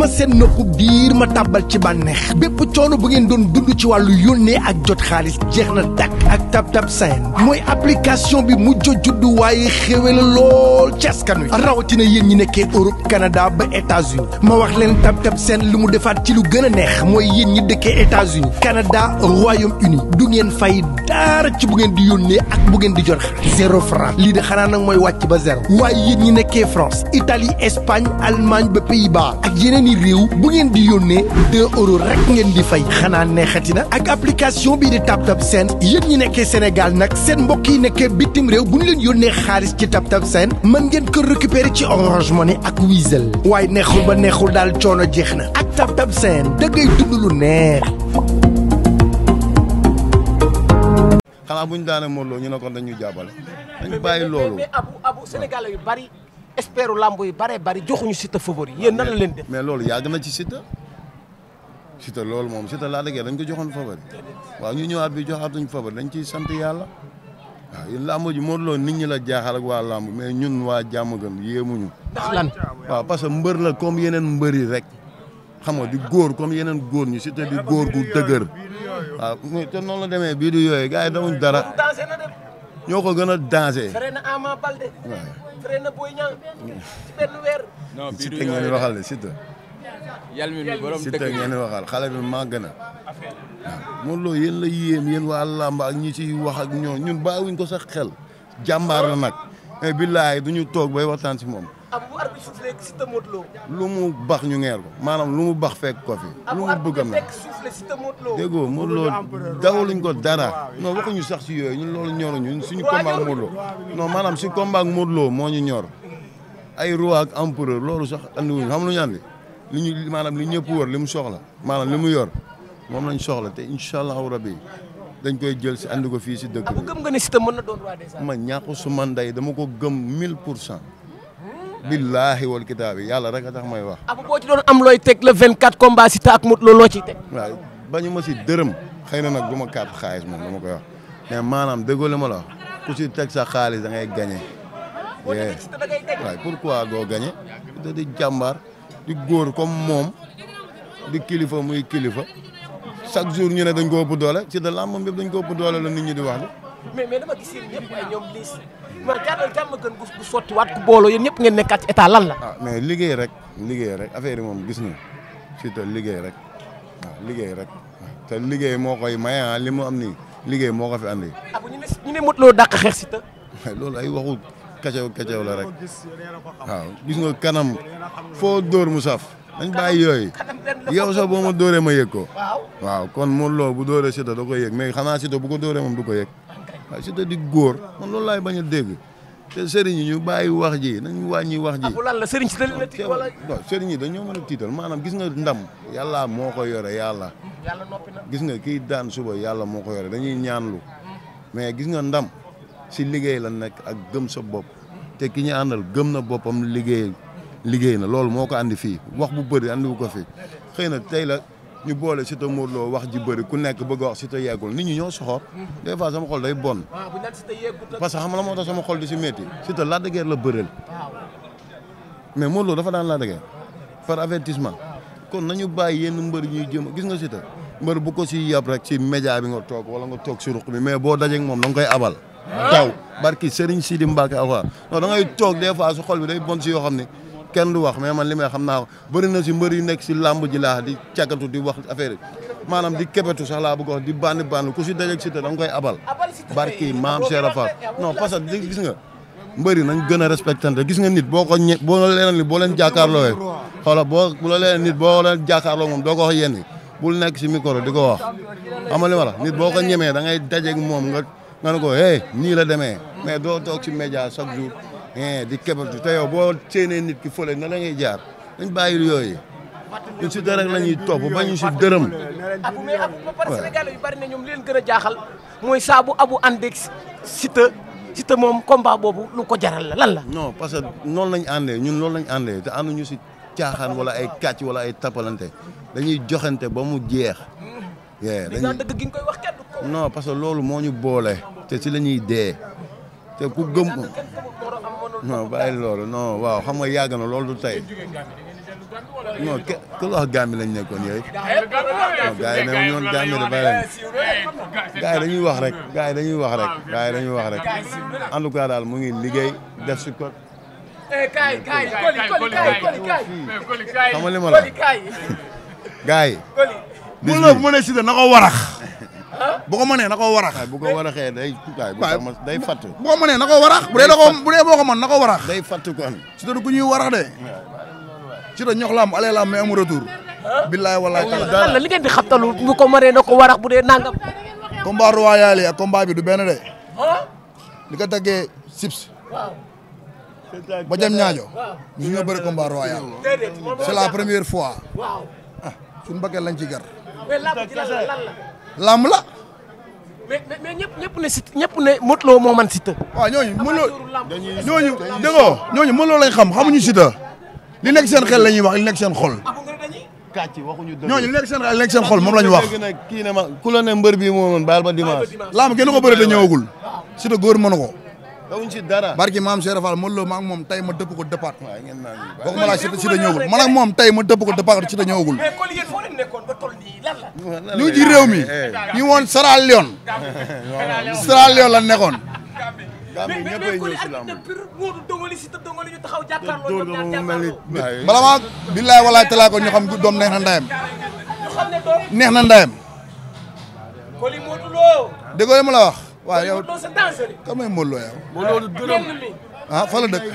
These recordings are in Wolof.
ma seen nopp biir ma tàbbal ci bànneex bépp coono bu ngeen doon dund ci wàllu yónnee ak jot xaalis jeex na dàkk ak Tab Tab Send mooy application bi mujj juddu waaye xéwé la lool ci askan wi rawatina yéen ñi nekkee Europe Canada ba États-Unis ma wax leen Tab Tab Send lu mu defaat ci lu gën a neex mooy yéen ñi dëkkee États-Unis Canada Royaume-Uni du ngeen fay dara ci bu ngeen di yónnee ak bu ngeen di jot xaalis zéro franc lii de xanaa nag mooy wàcc ba zéro waaye yéen ñi nekkee France Italie Espagne Allemagne ba Pays-Bas seeni réew bu ngeen di yónnee deux euros rek ngeen di fay xanaa neexati na ak application bii di TapTap Send yéen ñi nekkee Sénégal nag seen mbokk yi nekkee bitim réew bu ñu leen yónnee xaalis ci TapTap Send man ngeen ko récupérer ci Orange ni ak Wizall waaye neexul ba neexul daal coono jeex na ak TapTap Send da ngay dund lu neex. xanaa bu ñu daanee Modou Lo ñu ne expertu làmb yu bare bari joxuñu Siteu favori yéen nan la leen def. mais loolu yàgg na ci Siteu Siteu loolu moom Siteu laa déggee dañ ko joxoon favori waa ñu ñëwaat bi joxaatuñ favori dañ ciy sant yàlla waaw yéen làmb ji moo loolu nit ñi la jaaxal ak waa làmb mais ñun waa jàmm gën yéemuñu. ndax lan waaw parce que mbër la kom yeneen mbër yi rek xam nga di góor kom yeneen góor ñu Siteu di góor gu dëgër waaw te noonu la demee bii du yooyu gars yi dawuñ ñoo ko gën a danger. fere na Ama Baldé. waaw fere na Boy Niang. ci benn weer. non bii du ñu ngeen waxal la Siteu. yal mi borom dëkk Siteu ngeen waxal xale bi maa gën a. waaw moom la yéem yéen waa làmb ñi ciy wax ak ñoo ñun bàyyiwuñ ko sax xel. jàmbaar la nag. mais eh, billaay du ñu toog bay waxtaan ci moom. lu mu bax ñu ngeer ko maanaam lu mu bax fek ko fi lu mu bëgg am na déggoo Modou Lo dawaluñ ko dara non waxuñu sax si yooyu ñun loolu ñoruñu suñu combat ak Modou Lo non maanaam si combat ak Modou moo ñu ñor ay roi ak empereur loolu sax andiwuñu xam lu ñu andi li ñu maanaam li ñëpp wër li mu soxla maanaam li mu yor moom lañ soxla te incha allahu rabi dañ koy jël si andi ko fii si dëkk bi. ah nga ni Siteu mën ma ñàkk su man day dama ko gëm 1000 pour cent. billaahi wal kitaabi yàlla rek a tax may wax. abu boo ci doon am looy teg le 24 combat si ta ak loo looloo ciy teg. waaw bañu ma si dërëm xëy na nag du ma xaalis moom dama koy wax mais maanaam déggoo li ma la ku si teg sa xaalis da ngay gagné. waaye pourquoi doo gagné da di jàmbaar di góor comme moom di kilifa muy kilifa chaque jour ñu ne dañ ko ëpp doole ci de làmb bi dañ ko ëpp doole la nit ñi di wax de. mais mais dama gis yéen ñëpp ay ñoom booloo yéen ñëpp ngeen nekkaat ci état la. ah mais liggéey rek liggéey rek affaire yi moom gis na surtout liggéey rek waaw liggéey rek te liggéey moo koy maye ah li mu am nii liggéey moo ko fi andi. Ah, Lo dàq xeex loolu ay waxu la rek waaw gis nga kanam foo dóor mu saf. dañ bàyyi yooyu yow sax boo ma dóoree ma yëg ko. waaw kon Modou Lo bu dóoree si te da koy yëg si te bu ko dóoree moom du ko yëg. waaw Siteu di góor man loolu laay bañ a dégg te sëriñ yi ñu bàyyi wax ji nañu wàññi wax ji. ah lan la sëriñ Siteu la tiit wala. non sëriñ yi dañoo mën tiital maanaam gis nga ndam yàlla moo ko yore yàlla. gis nga kiy daan suba yàlla moo ko yore dañuy ñaanlu mais gis nga ndam si liggéey la nekk ak gëm sa bopp te ki ñu àndal gëm na boppam liggéey liggéey na loolu moo ko andi fii wax bu bëri andiwu ko fi xëy na tey ñu boole Siteu Modou Lo wax ji bëri ku nekk bëgg a wax Siteu yeggul nit ñi ñoo soxor. des fois sama xol day bon. parce que xam la moo tax sama xol di si métti. Siteu Lac de Guiers la bëreel. mais Modou dafa daan Lac de Guiers par avertissement. kon nañu bàyyi yenn mbër ñuy jëm gis nga Siteu. mbër bu ko si yab rek ci média bi nga toog wala nga toog si ruq bi mais boo dajeeg moom da nga koy abal. taw barki Serigne Sidi Mbacke Awa non da ngay toog des fois su xol bi day bon si yoo xam ne kenn du wax mais man li may xam naa ko bëri na si mbër yu nekk si lamb jilaa laa di càggatu di wax affaire maanaam di kebetu sax laa bëgg wax di bandi bandi ku si dajeeg Siteu da nga koy abal barki maam Cheikh Rafal non parce que gis nga mbëri nañ gën a respectante gis nga nit boo ko ñe boo leen ni boo leen jàkkaarloo xoola boo bu nit boo jàkkaarloo moom doo ko wax yenn bul nekk si micro di ko wax xam li nit boo ko ñemee da ngay dajeeg moom nga nga ne ko hey nii la demee mais doo toog si média chaque jour Eh, di kebatu te yow boo séenee nit ki fële na la ngay jaar dañ bàyyil yooyu ñu si dara la topp ba ñu si dërëm. ah bu may ab ba pare bari na ñoom leen gën a jaaxal mooy saabu abu àndeeg Siteu Siteu moom combat boobu lu ko jaral la lan la. non parce que noonu lañ àndee ñun loolu lañ àndee te ànduñu si caaxaan wala ay kàcc wala ay tapalante dañuy joxante ba mu jeex. dañuy dëgg gi koy wax kenn du ko. parce que loolu moo ñu boole te si la ñuy dee te ku gëm. non bàyyi loolu non waaw xam nga yàgg na loolu du tey non ke ku la wax lañ nekkoon yooyu non yi ne ñoon Gambie de bàyyi lañ gars yi dañuy wax rek gars yi dañuy wax rek gars yi dañuy wax rek daal mu ngi liggéey def si ko kaay kaay koli koli kaay xam nga li ma la yi. ne si de na bu ko mënee na ko warax. bu ko waraxee day tuutaay. bu day fatt. bu ko mënee na ko warax bu dee da ko bu dee boo ko mën na ko warax. day fatt kon. Siteu ku ñuy warax de. Siteu ñox la am alee la am mais amul retour. billaay li di xabtalu bu ko mënee na ko warax bu dee nangam. combat royal du benn li ko tàggee sips. ba jëm ñaajo. ñu ngi bëri la première fois. ah suñu bëggee lañ ci gar. la. mais mais ñëpp ñëpp ne Siteu ñëpp ne Modou Lo moo man Siteu. waaw ñooñu mënoo ñooñu déggoo ñooñu mënoo lañ xam xamuñu Siteu li nekk seen xel la ñuy wax li nekk seen xol. Ah, kàcc waxuñu dëgg ñooñu li nekk seen xel li nekk la ñu wax. kii ne la ne mbër ko bëre te ñëwagul. Siteu ko. dawuñ ci dara barki maam Cheikh Fall Modou maa ngi moom tey ma dëpp ko dëppaat. waaw ngeen naan waxuma laa Siteu Siteu ñëwagul man ak ñu ji réew mi ñu woon Sierra la nekkoon. bala maa billaay walaay talaa ko ñu xam doom neex na ndayam neex na ndayam déggoo yi ma la wax waaw yow kan may Lo yow ah fa la dëkk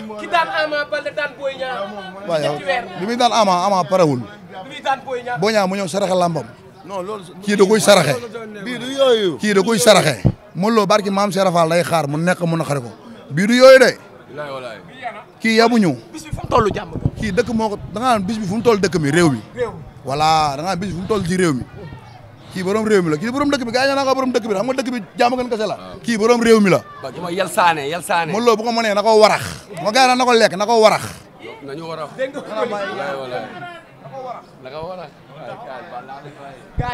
Ama Ama Ama parewul Boy Niang mu lambam kii da koy saraxe bii du yooyu kii da koy saraxe Modou Lo barki maam Serafal lay xaar mu nekk mu naqari ko bii du yooyu de kii yabuñu kii dëkk moo ko da ngaa bis bi fu mu tol dëkk mi réew mi voilà da ngaa bis bi fu mu ci réew mi kii borom réew mi la kii borom dëkk bi gars yi naa ko dëkk bi xam nga dëkk bi jaamu la ah. kii borom réew mi la yal saane yal saane Modou bu ko mënee na ko warax ma gars na ko lekk na ko warax la ko waral. gars